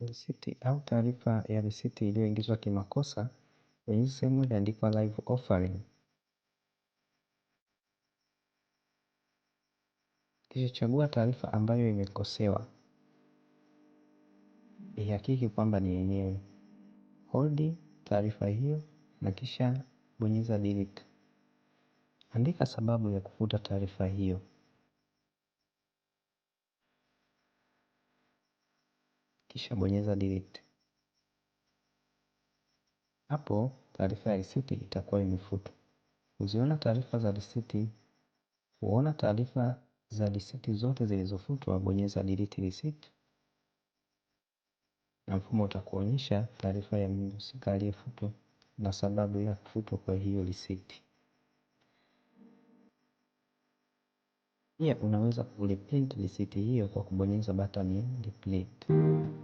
risiti au taarifa ya risiti iliyoingizwa kimakosa kwenye sehemu iliyoandikwa live offering Kisha chagua taarifa ambayo imekosewa. Ihakiki kwamba ni yenyewe. hodi taarifa hiyo na kisha bonyeza delete. Andika sababu ya kufuta taarifa hiyo. kisha bonyeza delete. Hapo taarifa ya risiti itakuwa imefutwa. Uziona taarifa za risiti, huona taarifa za risiti zote zilizofutwa, bonyeza delete receipt na mfumo utakuonyesha taarifa ya mhusika aliyefutwa na sababu ya kufutwa kwa hiyo risiti. Pia unaweza kureprint risiti hiyo kwa kubonyeza batani ya reprint.